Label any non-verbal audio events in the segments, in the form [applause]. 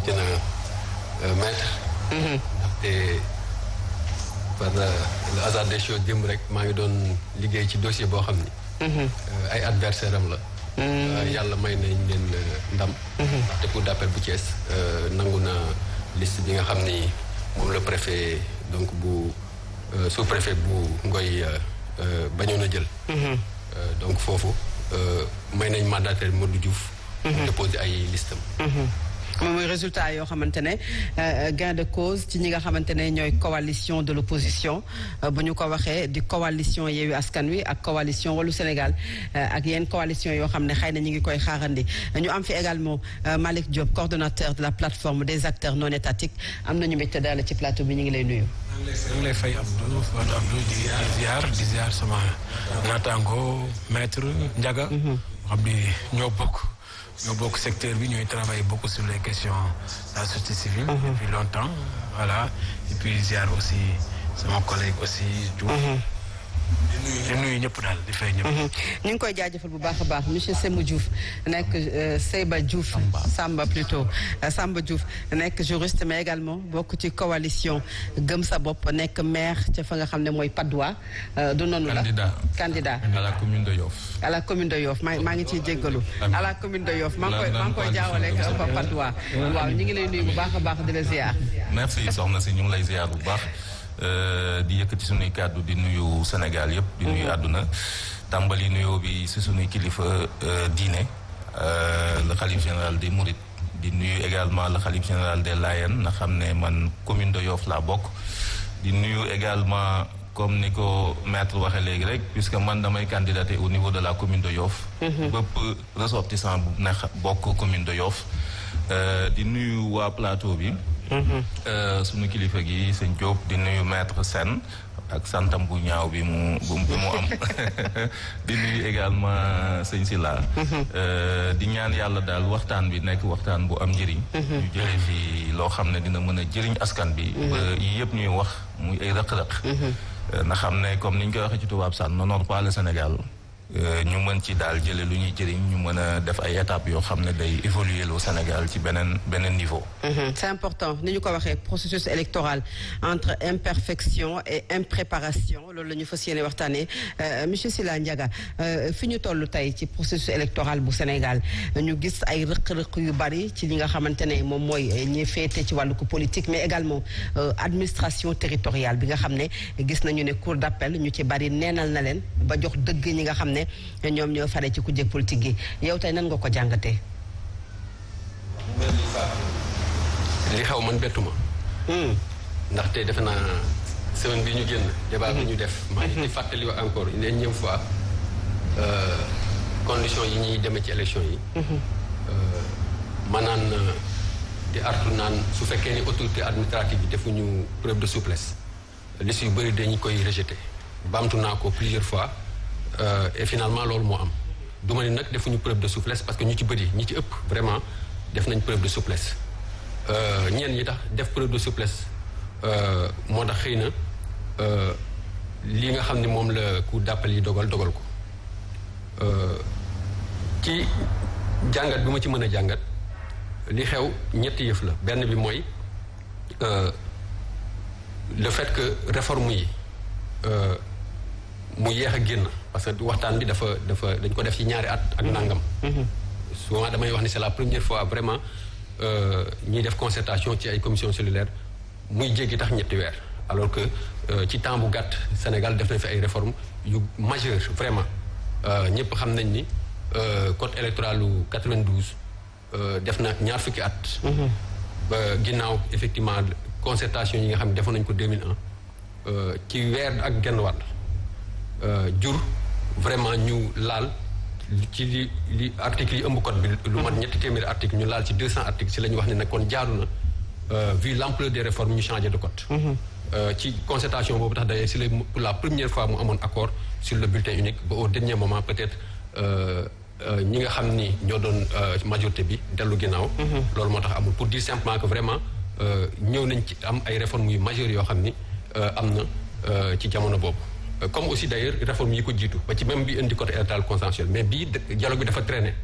rawatina eh, maître. ndaxte par euh, le hasard des choses jëm rek maa ngi doon liggéey ci dossier boo xam ni. Euh, ay adversaire am la. Euh, yàlla may nañ leen ndam. ndaxte cour d'appel bu Thiès nangu na list bi nga xam ni moom le préfet donc bu sous préfet bu ngoy bañoon a jël. donc foofu may nañ mandataire Modou Diouf. déposer ay listam. moom mooy résultat yoo xamante ne euh, euh, gain de cause ci ñi nga xamante ne ñooy coalition de l'opposition euh, bu ñu ko waxee di coalition Yewwi Askan Wi ak coalition walu Sénégal ak yenn coalition yoo xam ne xëy na ñu ngi koy xaarandi ñu am fi également Malick Diop coordonnateur de la plateforme des acteurs non étatiques am nañu mbégte daal ci plateau bi ñu ngi lay nuyu. ñu lay fay Abdou Fatou Abdou di ziar di ziar mhm. ñoo bokk. ñoo bokk secteur bi ñooy travailler beaucoup sur les questions de la société civile. Mhm. depuis longtemps voilà et puis ziar aussi sama collègue aussi. Diouf. Mhm. ñu ngi koy jaajëfal bu baax a baax monsieur Sémou Diouf nekk euh, Seyba Diouf. Samba to euh, Samba Diouf nekk juriste mais également bokk ci coalition gëm sa bopp nekk maire ca fa nga xam ne mooy Padois. Euh, du noonu la candidat à la commune de Yoff. à la commune de Yoff maa maa ngi ciy jéggalu. à la commune de Yoff maa ngi koy maa ngi koy jaawaleeg waaw ñu ngi lay nuyu bu baax a baax di la ziar. merci soxna si ñu lay ziar bu baax. Euh, di yëkkati suñuy kàddu di nuyu Sénégal yëpp. di nuyu mhm. àdduna tàmbali nuyoo bi si suñuy kilifa euh, diine euh, le xalif général des Mourides. di nuyu également le xalif général des Layènes na xam ne man commune de yoof la bokk di nuyu également comme ni ko maître waxee léegi rek puisque man damay candidater au niveau de la commune de Yoff mhm. bépp ressortissant bokk commune de yoof di nuyu waa plateau bi Euh, suñu kilifa gi sëñ Diop di nuyu maître Sène ak santam bu ñaaw bi mu bu am [laughs] di nuyu également sëñ Sila euh, di ñaan yàlla daal waxtaan bi nekk waxtaan bu am njëriñ ñu jëlee fii loo xam ne dina mën a jëriñ askan bi ba yi yëpp ñuy wax muy ay rëq-rëq mhm. euh, na xam ne comme ni ñu koy waxee ci tubaab san n'honore pas le Sénégal Euh, ñu mën ci daal jële lu ñuy jëriñ ñu mën a def ay étapes yoo xam ne day évoluer le Sénégal ci beneen beneen niveau. Mhm. c'est important ni ñu ko waxee processus électoral entre imperfection et impréparation loolu la ñu fas yéene waxtaanee euh, monsieur Sylla Ndiaga euh, fi ñu toll tey ci processus électoral bu Sénégal ñu gis ay rëq-rëq yu bari ci li nga xamante ne moom mooy ñi féete ci wàllu politique mais également administration territoriale bi nga xam ne gis nañu ne cour d'appel ñu ci bari neenal na leen ba jox dëgg ñi nga xam ne ne ñoom ñoo fare ci kujje politique gi yow tey nan nga ko jàngatee. li xaw man bettu ma. Hmm. ndaxte defe naa semaine bi ñu génn. débat bi hmm. ñu def. maa ngi di hmm. fàttali encore une énième fois euh, conditions yi ñuy demee ci élection yi. Euh, maanaan di artu naan su fekkee ni autorité administrative yi defuñu preuve de souplesse. liste yu bëri dañu koy rejeté. baamtu naa ko plusieurs fois Euh, et finalement loolu moo am du ma ne nag defuñu preuve de souplesse parce que ñu ci bëri ñu ci ëpp vraiment def nañ preuve de souplesse euh, ñenn ñi tax def preuve de souplesse euh, moo tax xëy na li nga xam ni moom la ku dàppal yi dogal dogal ko ci jàngat bi ma ci mën a jàngat li xew ñetti yëf la benn bi mooy le fait que réforme yi mu yéex a génn parce que waxtaan bi dafa dafa dañ ko def ci ñaari at ak nangam. Mhm. souvent damay wax ni c'est la première fois vraiment euh, ñuy def concertation ci ay commission cellulaire muy jéggi tax ñetti weer alors que euh, ci temps bu gàtt Sénégal def na fi ay réformes yu majeures vraiment euh, ñëpp xam nañ ni code électoral u 92 def na ñaar fukki at. Mhm. ba ginnaaw effectivement concertation yi nga xam ne defoon nañ ko 2001 ci weer ak genn wàll. Euh, jur vraiment ñu laal ci li li article yi ëmb code bi lu man ñetti téeméeri article ñu laal ci deux cent articles si la ñu wax ne nag kon jaaru na euh, vu l'ampleur des réformes ñu changé de code mhm. euh, ci concertation boobu tax d'ailleurs si la la première fois mu amoon accord sur le bulletin unique ba au dernier moment peut-être ñi nga xam ni ñoo doon majorité bi dellu ginnaaw mhm. loolu moo tax amul pour dire simplement que vraiment ñëw nañ ci am ay réformes yu majeures yoo xam ni am na ci jamono boobu comme aussi d' ailleurs réforme yi ko jiitu ba ci même bi indi côté électoral consensuel mais bii dialogue bi dafa traîner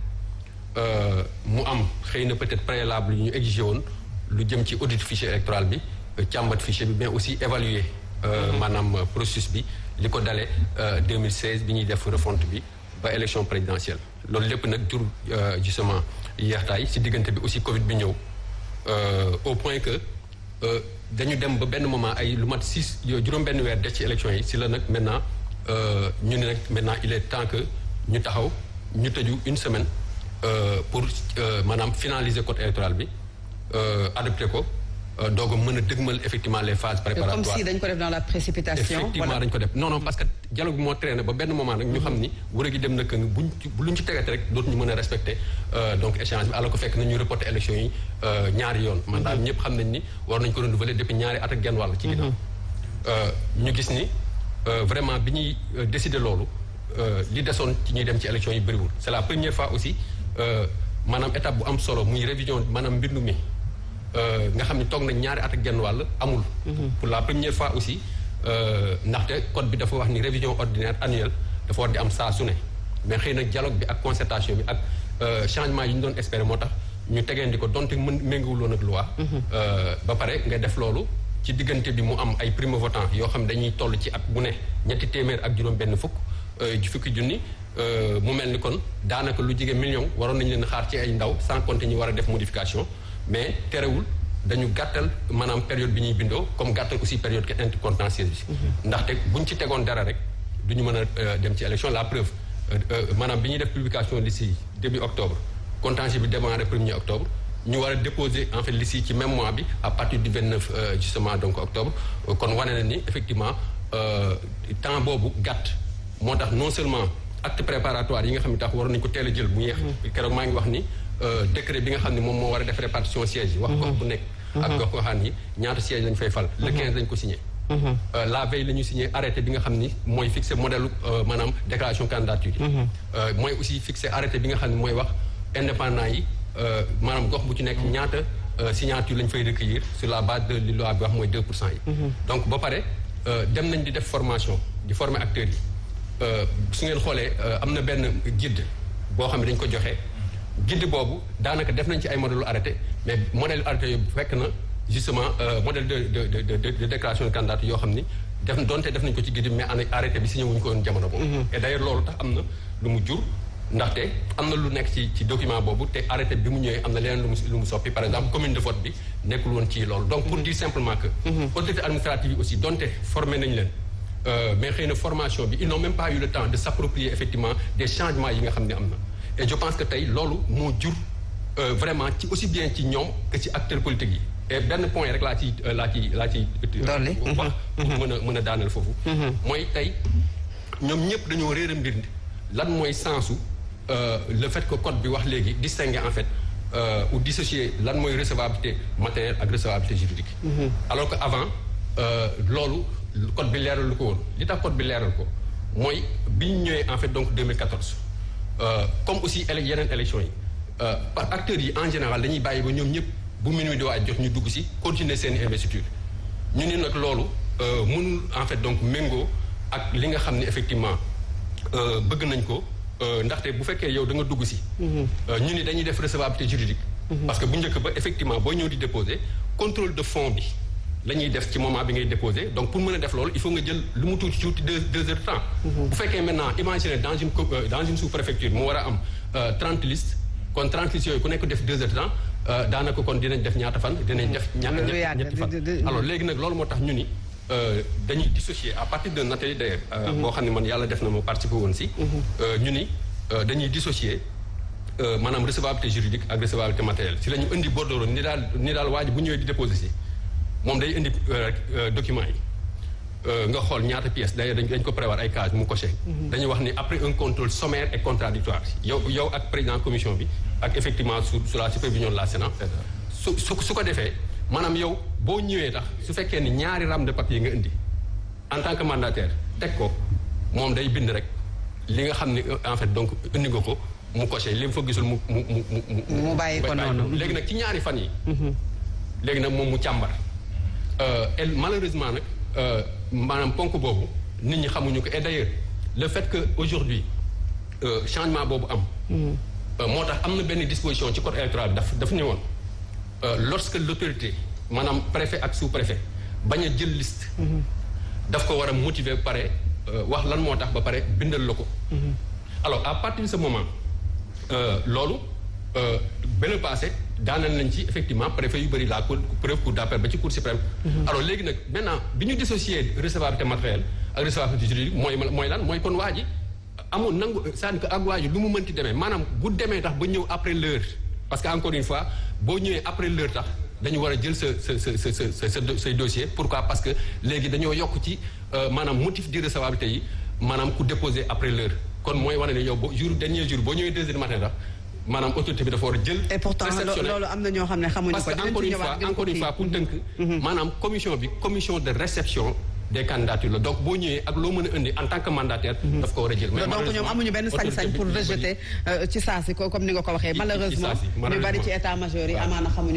euh, mu am xëy na peut-être préalable yu ñu exigé woon lu jëm ci audit fichier électoral bi euh, càmbat fichier bi mais aussi évaluer euh, mm-hmm. maanaam processus bi li ko dalee 2016 bi ñuy def refonte bi ba élection présidentielle loolu lépp nag jur justement yeextaay si diggante bi aussi Covid bi ñëw Euh, dañu dem ba benn moment ay lu mat six juróom benn weer def ci élection yi si la nag maintenant euh, ñu ni nag maintenant il est tant que ñu taxaw ñu tëju une semaine euh, pour maanaam finaliser code électoral bi adopté ko Euh, doog a mën a dëgmal effectivement les phases préparatoires comme si dañ ko def dans la précipitation effectivement dañ ko def non non parce que dialogue bi moo traîné ba benn moment nag ñu xam ni wër gi dem na këng buñ luñ ci tegate rek dootuñu mën a respecté euh, donc échéance bi alors que yi euh, ñaari yoon mandat ñëpp xam nañ ni war nañ ko renouveler depuis ñaari at ak genn wàll ci ginnaaw mhm. ñu gis ni vraiment bi ñuy décider loolu li desoon ci ñuy dem ci élection yi bëriwul c'est la première fois aussi maanaam étape bu am solo muy révision maanaam mbindu mi Euh, nga xam ne toog nañ ñaari at ak genn wàll amul. Mhm. pour la première fois aussi euh, ndaxte code bi dafa wax ni révision ordinaire annuelle dafa war di am saa su ne mais xëy na dialogue bi ak concertation bi ak euh, changement yi ñu doon espérer moo tax ñu tegeen di ko donte mën méngoowul nag ak loi. Mhm. ba pare nga def loolu. ci diggante bi mu am ay primo votant yoo xam ne dañuy toll ci at bu ne ñetti téeméer ak juróom benn fukk fukki junni mu mel ni kon daanaka lu jige million waroon nañu leen xaar ci ay ndaw sans compter war a def modification mais terewul dañu gàttal maanaam période bi ñuy bindoo comme gàttal aussi période intercontentieuse bi mhm. ndaxte buñ ci tegoon dara rek du ñu mën a euh, dem ci élection la preuve euh, euh, maanaam bi ñuy def publication liste yi début octobre contentieux bi démarré premier octobre ñu war a déposé en fait liste ci même mois bi à partir du 29 justement donc octobre kon wane na ni effectivement temps boobu gàtt moo tax non seulement acte préparatoire yi nga xam ne tax waroon nañu ko teel a jël bu yeex mm-hmm. keroog maa ngi wax ni euh, décret bi nga xam ne moom moo war a def répartition siège yi wax gox bu mm-hmm. nekk ak mm-hmm. gox goxaan yi ñaata siège lañ fay fal euh, la veille la ñu signé arrêté bi nga xam ni mooy fixé modèle euh, maanaam déclaration candidature yi mooy aussi fixé arrêté bi nga xam ne mooy wax indépendant yi maanaam gox bu ci nekk ñaata signature lañ fay recueillir sur la base de li bi wax Euh, su ngeen xoolee euh, am na benn guide boo xam ne dañ ko joxe. guide boobu daanaka def nañ ci ay modèle arrêté mais modèle arrêté yu fekk na justement euh, modèle de de de de déclaration de candidature yoo xam ni def donte def nañ ko ci guide mais an arrêté bi signé wuñ ko woon jamono boobu. Mm-hmm. et d'ailleurs loolu tax am na lu mu jur. ndaxte am na lu nekk ci ci document boobu te arrêté bi mu ñëwee am na leneen lu mu lu mu soppi par exemple commune de vote bi nekkul woon ci loolu. donc pour mm-hmm. dire simplement que. Mm-hmm. autorité administrative yi aussi donte formé nañ leen. Euh, mais xëy na formation bi ils n'ont même pas eu le temps de s'approprier effectivement des changements yi nga xam ne am na et je pense que tey loolu moo jur euh, vraiment ci aussi bien ci ñoom que ci acteurs politiques yi et benn point rek laa ci euh, laa ci laa ci wax mhm. mën a mën a foofu mhm. mooy tey ñoom ñëpp dañoo réer a mbir lan mooy sensu le fait que code bi wax léegi distinguer en fait Euh, ou lan mooy recevabilité matérielle ak recevabilité juridique. Mm -hmm. alors avant loolu code bi leeral lu ko woon li tax code bi leeral ko mooy bi ñu ñëwee en fait donc 2014 euh, comme aussi ele yeneen élection yi euh, par acteurs yi en général dañuy bàyyi ba ñoom ñëpp bu minuit di waaj jot ñu dugg si continuer seen investiture ñu ni nag loolu euh, mënul en fait donc méngoo ak li nga xam ne effectivement bëgg nañ ko ndaxte bu fekkee yow da nga dugg si mhm. ñu ni dañuy def recevabilité juridique mhm. parce que bu njëkk ba effectivement booy ñëw di déposer contrôle de fond bi lañuy def ci moment bi ngay déposé donc pour mën a def loolu il faut nga jël lu mu tuuti tuuti deux deux heures de temps. Mhm. bu fekkee maintenant imaginer dans une euh, dans une sous-préfecture mu war a am euh, trente listes kon trente listes yooyu ku nekk def deux heures de euh, daanaka kon dinañ def ñaata fan dinañ def ñetti fan alors léegi nag loolu moo tax ñu ni dañuy dissocier à partir d'un atelier d'ailleurs mhm. boo xam ne man yàlla def na ma participer woon si mhm. ñu ni dañuy dissocier maanaam recevabilité juridique ak recevabilité matérielle si la ni daal ni daal waa bu ñëwee di déposer si moom day indi euh, euh, document yi euh, nga xool ñaata pièces d'ailleurs dañ ko prévoir ay cases mu coché. Mhm. dañuy wax ni après un contrôle sommaire et contradictoire yow yow ak président commission bi ak effectivement sous sous la supervision de la Sénat. su su su ko defee maanaam yow boo ñëwee tax su fekkee ni ñaari rames de yi nga indi en tant que mandataire teg ko moom day bind rek li nga xam ni en fait donc indi nga ko mu coché li foo gisul mu mu mu mu. mu bàyyi ko noonu léegi nag ci ñaari fan yi. Mhm. léegi nag moom mu càmbar. et euh, malheureusement nag euh, maanaam ponk boobu nit ñi xamuñu ko et d'ailleurs le fait que aujourd'hui euh, changement boobu am mm. moo tax am na benn disposition ci code électoral bi daf daf ne woon lorsque l'autorité maanaam préfet ak sous-préfet bañ a jël liste mm-hmm. daf ko war a motiver ba pare wax lan moo tax ba pare bindal la ko mm-hmm. alors à partir de ce moment loolu benn passé daaneel nañ ci effectivement préfet yu bëri la cour preuve cour d'appel ba ci cour suprême. Mhm. alors léegi nag maintenant bi ñu dissocier recevabilité matérielle ak recevabilité juridique mooy mooy lan mooy kon waa ji amul nangu cest à ak waa ji lu mu mënti demee maanaam bu demee tax ba ñëw après l'heure parce que encore une fois boo ñëwee après l'heure tax dañu war a jël sa sa sa sa sa say dossier pourquoi parce que léegi dañoo yokk ci euh, maanaam motif d'irrecevabilité yi maanaam ku déposé après l'heure kon mooy wane ne yow ba jour boo ñëwee deux heures du matin maanaam autorité bi dafa war a jël. et pourtant loolu am na ñoo xam ne xamuñu parce que encore une fois pour tënk. Mm-hmm. Mm-hmm. maanaam commission bi commission de réception. des candidatures la donc boo ñëwee ak loo mën a indi en tant que mandataire. Mm-hmm. daf ko war a jël donc ñoom amuñu benn sañ-sañ pour rejeter euh, ci saa si comme ni nga ko waxee. malheureusement ñu bari ci état major yi amaana xamuñu.